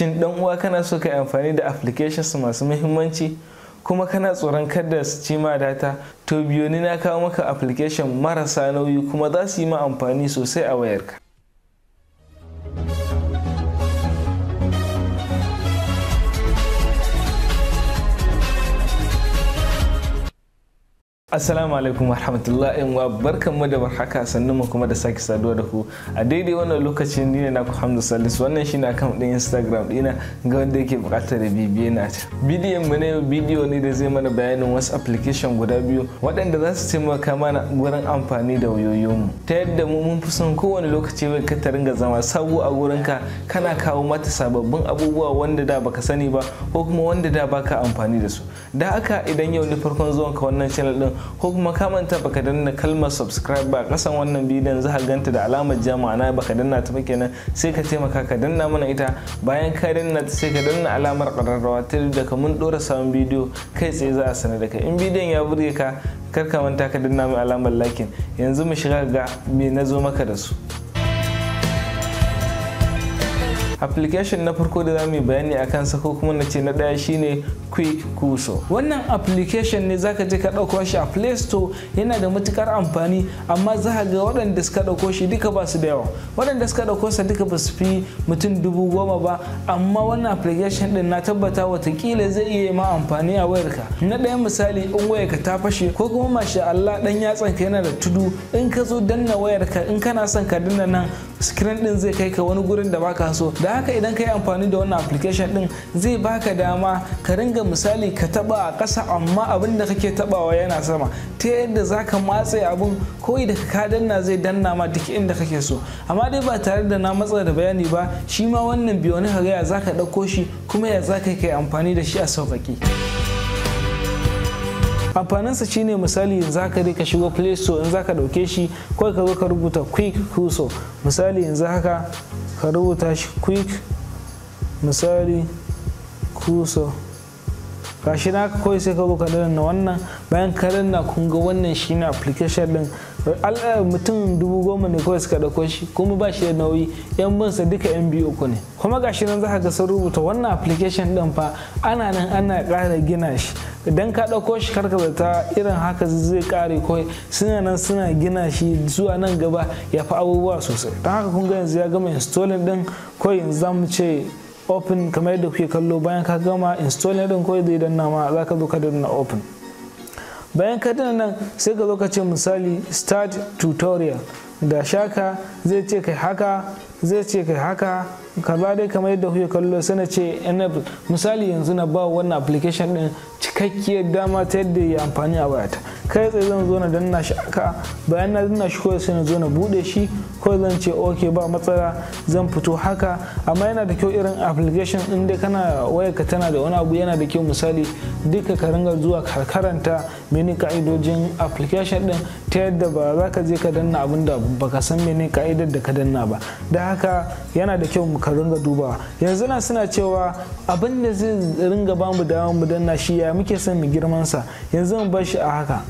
shin ɗan uwa kana so ka yi amfani da applications masu muhimmanci kuma kana tsoron kada su ci ma data to biyo ni na kawo maka application marasa nauyi kuma za su yi ma amfani sosai a wayarka Assalamu alaikum warahmatullah in wa mu da haka sannu mu kuma da sake saduwa da ku a daidai wannan lokacin ni ne naku hamdu Salisu wannan shine akan din Instagram dina ga wanda yake bukatar da bibiye na ta bidiyo mu ne bidiyo ne da zai mana bayanin wasu application guda biyu waɗanda za su taimaka mana wurin amfani da wayoyin mu ta yadda mu mun fi son kowane lokaci mai ka ta ringa zama sabo a ka kana kawo mata sababbin abubuwa wanda da baka sani ba ko kuma wanda da baka amfani da su da haka idan yau ni farkon ka wannan channel din ko kuma ka baka danna kalmar subscribe ba kasan wannan bidiyon za ganta da alamar jama'a na baka danna ta ba kenan sai ka taimaka ka danna mana ita bayan ka danna ta sai ka danna alamar ƙararrawa ta da ka mun dora sabon bidiyo kai tsaye za a sanar da kai in bidiyon ya burge ka kar ka manta ka danna mai alamar lakin yanzu mu shiga ga me na zo maka da su application na farko da za mu yi bayani a kansa ko kuma na ce na ɗaya shine quick kuso wannan application ne zaka je ka ɗauko shi a play store yana da matukar amfani amma za ka ga waɗanda suka ɗauko shi duka ba su da yawa waɗanda suka ɗauko sa duka ba su fi mutum dubu goma ba amma wannan application ɗin na tabbata watakila zai iya ma amfani a wayarka na ɗaya misali in wayarka ta fashe ko kuma masha Allah ɗan yatsanka yana da tudu in ka zo danna wayarka in kana son ka danna nan screen din zai kai ka wani gurin da baka so da haka idan ka yi amfani da wannan application din zai baka dama ka ringa misali ka taba a ƙasa amma abin da kake tabawa yana sama ta yadda zaka matse abun ko da ka danna zai danna ma duk inda kake so amma dai ba tare da na matsa da bayani ba shi ma wannan biyo ne ya zaka ɗauko shi kuma ya zaka kai amfani da shi a sauƙaƙe. amfaninsa shine misali yanzu haka dai ka shigo play store in zaka dauke shi kawai ka zo ka rubuta quick kuso misali yanzu haka ka rubuta shi quick misali ka shi na kawai sai ka zo ka danna wannan bayan ka danna kun ga wannan shine application din mutum dubu goma ne kawai suka dauko shi kuma ba shi da nauyi yan bansa duka yan biyu uku ne kuma gashi nan zaka ga sun rubuta wannan application din fa ana nan ana ƙara gina shi idan ka ɗauko shi zata irin haka zai kare kawai suna nan suna gina shi zuwa nan gaba ya fi abubuwa sosai don haka kun ga yanzu ya gama installing din kawai yanzu za mu ce open kamar yadda kuke kallo bayan ka gama installing din kawai zai danna ma za ka zo ka danna open bayan ka nan sai ka zo ka ce misali start tutorial da shaka zai ce kai haka zai ce kai haka ka ba dai kamar yadda kuke kallo sana ce eh, misali yanzu na ba wannan application din cikakkiyar dama ta yadda ya amfani a wayata kai tsaye zan zo na danna shi aka bayan na danna shi kawai sai na zo na bude shi ko zan ce ok ba matsala zan fito haka amma yana da kyau irin application din da kana wayar ka tana da wani abu yana da kyau misali duka ka ringa zuwa karkaranta karanta mene ka'idojin application din ta yadda ba za ka je ka danna abin da baka san mene ka'idar da ka danna ba da haka yana da kyau ka ringa duba yanzu na suna cewa abin da zai ringa ba mu dama mu danna shi ya muke son mu girman sa yanzu mu bar shi a haka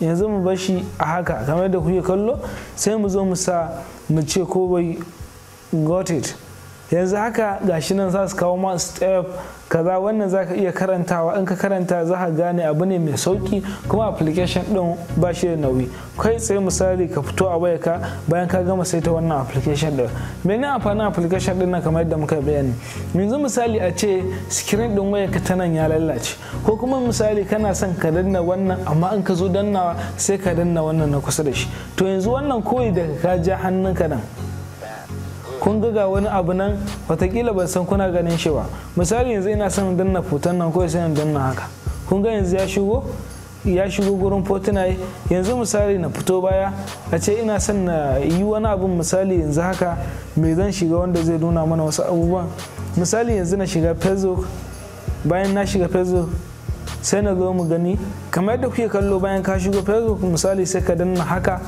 yanzu mu bar shi a haka kamar da kuke kallo sai mu zo mu sa mu ce ko bai got it yanzu haka gashi nan za su kawo ma step kaza wannan za ka iya karantawa in ka karanta za ka gane abu ne mai sauki kuma application din ba shi da nauyi kai tsaye misali ka fito a wayarka bayan ka gama saita wannan application din menene amfanin application din nan kamar yadda muka bayani yanzu misali a ce screen din wayarka ta nan ya lalace ko kuma misali kana son ka danna wannan amma in ka zo dannawa sai ka danna wannan na kusa da shi to yanzu wannan koyi daga ka ja hannunka nan kun ga ga wani abu nan watakila ban san kuna ganin shi ba misali yanzu ina son danna foton nan ko sai in danna haka kun ga yanzu ya shigo ya shigo gurin fotuna yanzu misali na fito baya a ce ina son na yi wani abun misali yanzu haka me zan shiga wanda zai nuna mana wasu abubuwan misali yanzu na shiga facebook bayan na shiga facebook sai na zo mu gani kamar yadda kuke kallo bayan ka shigo facebook misali sai ka danna haka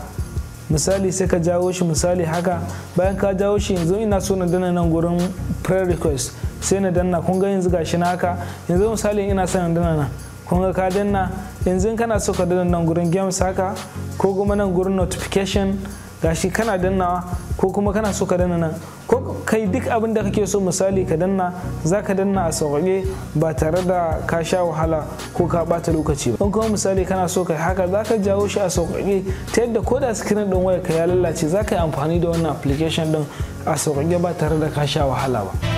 misali sai ka jawo shi misali haka bayan ka jawo shi yanzu ina so na dana nan gurin prayer request sai na danna kun ga yanzu gashi na haka yanzu misali ina son na dana nan kun ga ka danna yanzu kana so ka dana nan gurin games haka ko kuma nan gurin notification gashi kana dannawa ko kuma kana so ka danna nan ko kai duk abin da kake so misali ka danna za ka danna a sauƙaƙe ba tare da ka sha wahala ko ka ɓata lokaci ba in kuma misali kana so kai haka za ka jawo shi a sauƙaƙe ta yadda ko da screen ɗin waya ka ya lalace za ka yi amfani da wannan application ɗin a sauƙaƙe ba tare da ka sha wahala ba.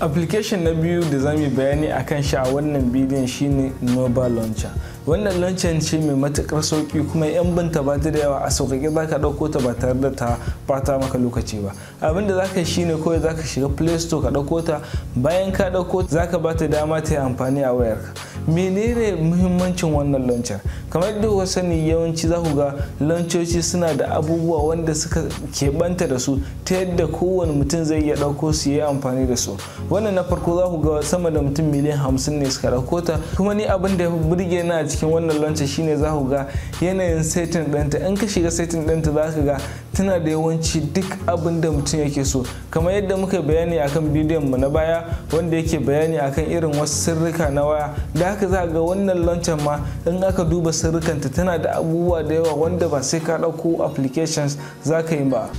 application na biyu da zamu yi bayani akan shi a wannan bidiyon shine nova launcher wannan launcher ce mai matukar sauki kuma yan binta ba ta da yawa a sauƙaƙe za ka ɗauko ta ba tare da ta bata maka lokaci ba abin da ka yi shine kawai za ka shiga play store ka ɗauko ta bayan ka ɗauko za ka ba ta dama ta yi amfani a wayarka menene muhimmancin wannan lancar kamar yadda kuka sani yawanci za ku ga launchoci suna da abubuwa wanda suka keɓanta da su ta yadda kowane mutum zai iya ɗauko su yi amfani da su wannan na farko za ku ga sama da mutum miliyan hamsin ne suka ɗauko ta kuma ni abin da ya burge na a cikin wannan launcher shine za ku ga yanayin setting ɗinta in ka shiga setting ɗinta za ka ga tana da yawanci duk abin da mutum yake so kamar yadda muka bayani akan bidiyon mu na baya wanda yake bayani akan irin wasu sirrika na waya da haka za ga wannan lancan ma in aka duba sirrikanta tana da abubuwa da yawa wanda ba sai ka ɗauko applications za ka yi ba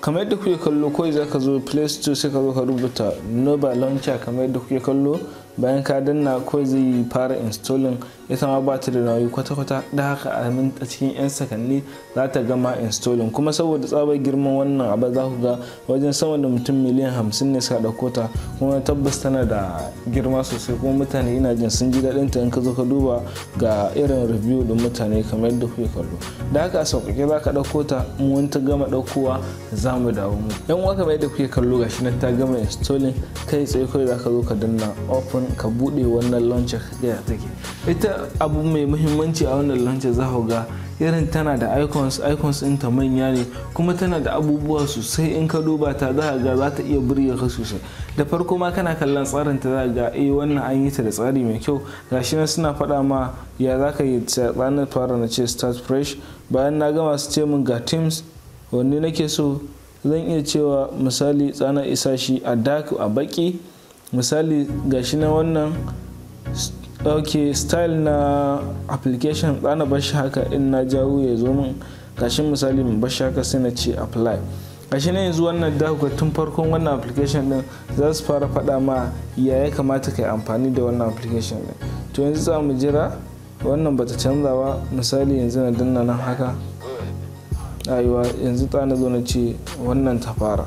kamar yadda kuke kallo kawai za ka zo play store sai ka zo ka rubuta noba launcher kamar yadda kuke kallo bayan ka danna kawai zai fara installing ita ma ba ta da rayu kwata-kwata da haka a cikin 'yan sakanni za ta gama installing kuma saboda tsabar girman wannan abu za ku ga wajen sama da mutum miliyan hamsin ne suka ɗauko ta kuma tabbas tana da girma sosai kuma mutane ina jin sun ji daɗin ta in ka zo ka duba ga irin review da mutane kamar yadda kuke kallo da haka a sauƙaƙe za ka ɗauko ta mu wani ta gama ɗaukowa za mu dawo mu yan uwa kamar yadda kuke kallo gashi nan ta gama installing kai tsaye kawai za ka zo ka danna open ka buɗe wannan launcher ka take ita abu mai muhimmanci a wannan lanci za ku ga irin tana da icons icons ta manya ne kuma tana da abubuwa sosai in ka duba ta za ga za ta iya burge ka sosai da farko ma kana kallon tsarin ta za ga eh wannan an yi ta da tsari mai kyau gashi nan suna faɗa ma ya za ka yi tsarin fara na ce start fresh bayan na gama su ce min ga teams wanne nake so zan iya cewa misali tsana isa shi a dark a baki misali gashi na wannan ɗauke style na application ɗana bashi haka in na jawo ya zo min kashin misali mu bashi haka sai na ce apply gashi ne yanzu wannan da tun farkon wannan application din za su fara faɗa ma ya ya kamata ka yi amfani da wannan application din to yanzu za mu jira wannan bata canza ba misali yanzu na danna nan haka rayuwa yanzu ta na zo na ce wannan ta fara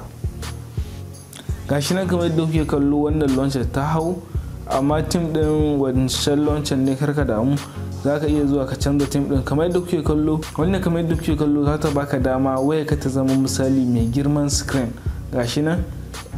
gashi na kamar yadda kuke kallo wannan launcher ta hau amma tim din wancan launcin ne karka damu za ka iya zuwa ka canza tim din kamar yadda kuke kallo wannan kamar yadda kuke kallo za ta baka dama waya ka ta zama misali mai girman screen gashi nan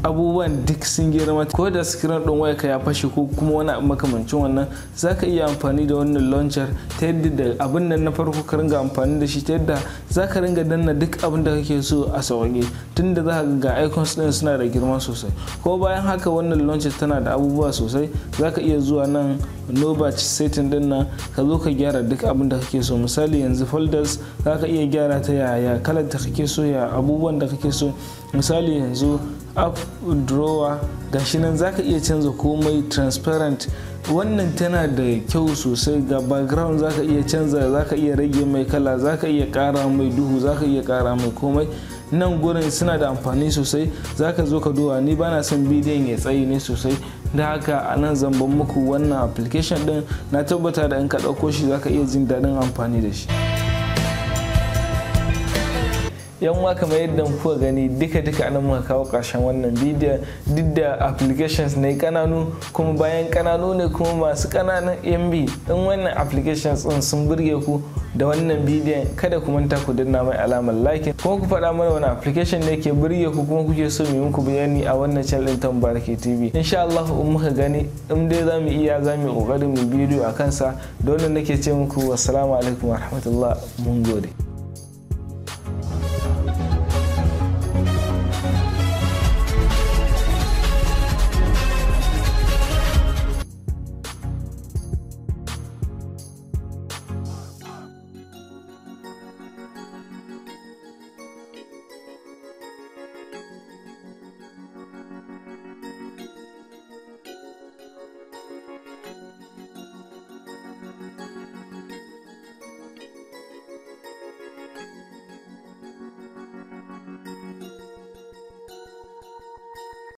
abubuwan duk sun girma ko da sikirin ɗin wayarka ya fashe ko kuma wani abu makamancin wannan zaka iya amfani da wannan launcher ta yadda da abin nan na farko ka ringa amfani da shi ta yadda za ringa danna duk abin da kake so a sauƙi tunda za ka ga icons din suna da girma sosai ko bayan haka wannan launcher tana da abubuwa sosai zaka iya zuwa nan no batch setting din nan ka zo ka gyara duk abin da kake so misali yanzu folders zaka iya gyara ta yaya kalar da kake so ya abubuwan da kake so misali yanzu app drawer gashi nan zaka iya canza komai transparent wannan tana da kyau sosai ga background zaka iya canza zaka iya rage mai kala zaka iya kara mai duhu zaka iya kara mai komai nan gurin suna da amfani sosai zaka zo ka duba ni bana son bidiyon ya tsaye ne sosai da haka a nan zamban muku wannan application din na tabbata da in ka ɗauko shi zaka iya jin daɗin amfani da shi yan uwa kamar yadda kuka gani duka duka nan muka kawo ƙarshen wannan bidiyo duk da applications ne kananu kuma bayan kananu ne kuma masu kananan mb in wannan applications din sun burge ku da wannan bidiyon kada ku manta ku danna mai alamar like kuma ku faɗa mana wani application ne ke burge ku kuma kuke so mu muku bayani a wannan channel din Tambarake TV insha Allah in muka gani in dai za mu iya za mu kokarin mu bidiyo a kansa don nan nake ce muku assalamu alaikum warahmatullahi mun gode